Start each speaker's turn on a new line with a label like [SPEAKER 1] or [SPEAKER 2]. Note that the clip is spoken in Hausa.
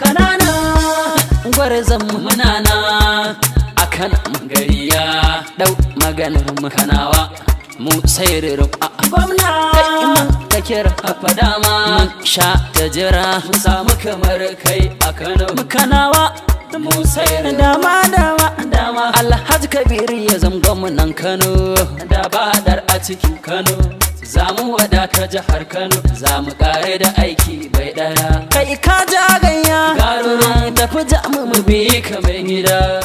[SPEAKER 1] kanana
[SPEAKER 2] gwarzon munana akan gariya dau maganar mu kanawa mu sairirin a gwamna ta kira hafa dama sha ta jira mu samu kamar kai a kano mu kanawa
[SPEAKER 3] mu
[SPEAKER 4] sairirin dama dama
[SPEAKER 2] dama alhaji kabiru ya zama gwamnan kano da badar a cikin kano za mu ta jihar kano za mu kare da aiki daya kai ka ja ganya
[SPEAKER 5] garurin tafi jamu mu bi kamar gida